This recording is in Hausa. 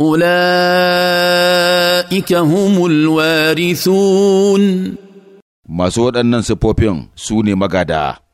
أولئك هم الوارثون masu waɗannan siffofin su ne magada